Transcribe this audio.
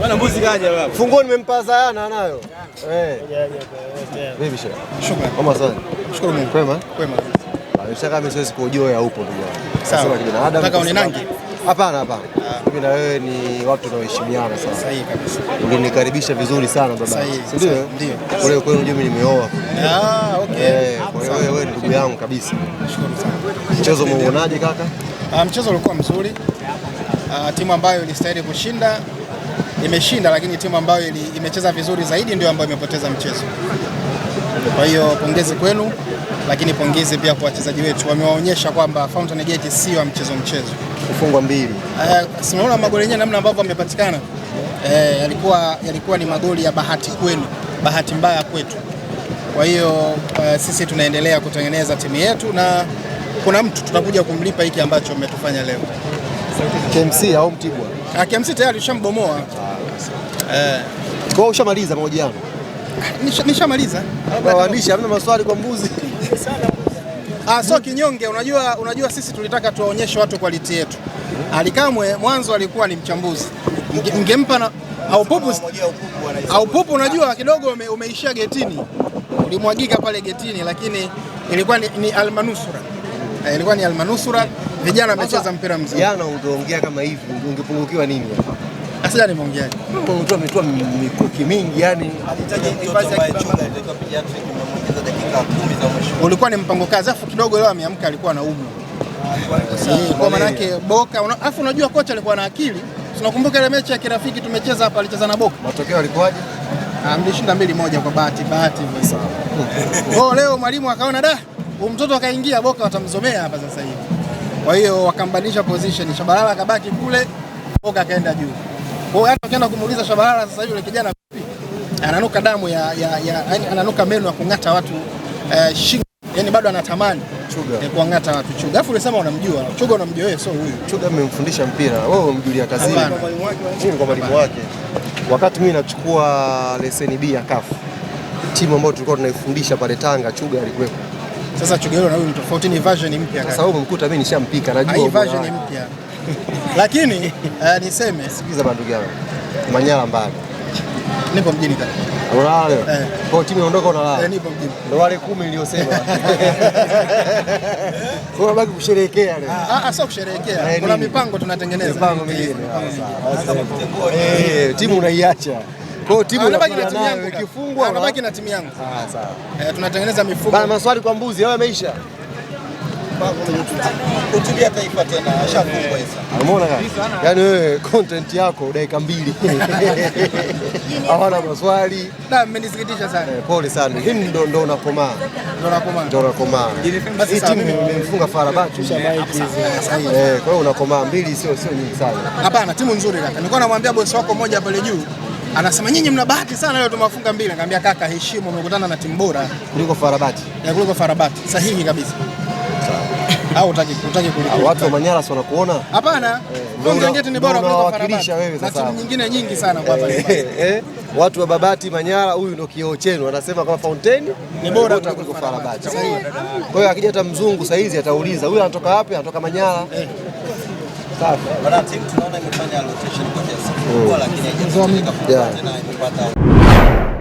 Bwana mbuzi kaja baba. Funguo nimempa Zayana anayo. Eh. Vipi shehe? Shukrani. Kama sana. Shukuru Mungu. Kwema? Kwema. Ameshaka ah, mimi siwezi kujoa ya upo ndugu yangu. Sawa. Nataka uninangi? Hapana hapana. Ah. Mimi na wewe ni watu tunaoheshimiana sana. Sahihi kabisa. Ulinikaribisha vizuri sana baba. Sahihi. Ndio? Ndio. Kwa hiyo mimi nimeoa. Ah, okay. Eh, kwa hiyo wewe ni ndugu yangu kabisa. Nashukuru sana. Mchezo umeonaje kaka? Ah, mchezo ulikuwa mzuri. Timu ambayo ilistahili kushinda imeshinda, lakini timu ambayo ili, imecheza vizuri zaidi ndio ambayo imepoteza mchezo. Kwa hiyo pongezi kwenu, lakini pongezi pia kwa wachezaji wetu, wamewaonyesha kwamba Fountain Gate sio mchezo mchezo. Kufungwa mbili, eh, simeona magoli yenyewe namna ambavyo amepatikana eh, yalikuwa, yalikuwa ni magoli ya bahati kwenu, bahati mbaya kwetu. Kwa hiyo uh, sisi tunaendelea kutengeneza timu yetu na kuna mtu tutakuja kumlipa hiki ambacho umetufanya leo. KMC au Mtibwa? Ah, KMC tayari ushambomoa ah. Eh. Kwa ushamaliza mahojiano? Nishamaliza. Waandishi hamna maswali kwa mbuzi. Ah, so kinyonge, unajua unajua sisi tulitaka tuwaonyeshe watu quality yetu. Alikamwe mwanzo alikuwa ni mchambuzi. Mngempa na au pupu au pupu, unajua kidogo ume, umeishia getini. Ulimwagika pale getini lakini ilikuwa ni, ni almanusura. Eh, ilikuwa ni almanusura. Vijana wamecheza mpira mzuri. Jana ungeongea kama hivi ungepungukiwa nini? Asija ni mwongeaji. Kwa mtu ametoa mikuki mingi yani. Ulikuwa ni mpango kazi afu kidogo leo ameamka alikuwa na umri. Kwa maana yake Boka afu unajua kocha alikuwa na akili. Tunakumbuka ile mechi ya kirafiki tumecheza hapa alicheza na Boka. Matokeo alikuwaje? Ah, mlishinda mbili moja kwa bahati bahati hivyo. Kwa oh, leo mwalimu akaona da, mtoto akaingia Boka watamzomea hapa sasa hivi. Kwa hiyo wakambadilisha position, Shabalala akabaki kule, Boka akaenda juu. Kwa hiyo hata ukienda kumuuliza Shabalala sasa hivi yule kijana vipi, ananuka damu ya, ya, ya ananuka meno ya kung'ata watu eh, shingo yani bado anatamani Chuga. Eh, kuangata watu Chuga. Alafu ulisema unamjua. Chuga unamjua wewe sio huyu. Chuga amemfundisha mpira. Wewe oh, umjulia kazini. Mimi kwa mwalimu wake. Wakati mimi nachukua leseni B ya CAF. Timu ambayo tulikuwa tunaifundisha pale Tanga Chuga alikuwepo. Sasa Chuga yule na huyu ni tofauti, ni version mpya. Sasa wewe umemkuta mimi nishampika, najua. Ni version mpya lakini uh, niseme sikiza bandu gani Manyara mbali, nipo mjini kaka. Unalala leo? Eh. Kwa timu inaondoka unalala? Eh, nipo mjini. Ndio wale 10 niliyosema. Kwa sababu kusherehekea leo. Ah ah, sio kusherehekea. Eh, Kuna mipango tunatengeneza. Mipango mingine. Ah, eh, timu unaiacha. Kwa hiyo timu ah, unabaki na timu yangu. Ikifungwa ah, unabaki na timu yangu. Ah, sawa. Eh, tunatengeneza mifumo. Bana maswali kwa mbuzi, yao yameisha. Hutubia taifa tena, ashafungwa Umeona kaka? Yaani wewe content yako dakika mbili. Hawana maswali. Na mmenisikitisha sana. Eh, pole sana. Hii ndo ndo unakomaa. Ndo nakomaa. Ndo nakomaa. Hii timu imemfunga Farabat Eh, kwa hiyo unakomaa mbili sio sio nyingi sana. Hapana, timu nzuri kaka. Nilikuwa namwambia bosi wako mmoja pale juu anasema nyinyi mna bahati sana leo tumewafunga mbili. Nikamwambia kaka, heshima, umekutana na timu bora kuliko Farabati. Ya kuliko Farabati, sahihi kabisa au utaki utaki kulikuwa ah, watu wa Manyara sio wanakuona? Hapana. Eh, Ngeti ni bora kuliko Farabati. Wewe sasa. Na timu nyingine nyingi sana kwa hapa. Eh, eh, watu wa Babati Manyara, huyu ndio kioo chenu, anasema kama Fountain ni bora kuliko Farabati. Kwa hiyo akija hata mzungu saa hizi atauliza, huyu anatoka wapi? Anatoka Manyara. Safi. Bana timu tunaona imefanya rotation kwa kiasi kikubwa, lakini mm. haijafika kwa tena imepata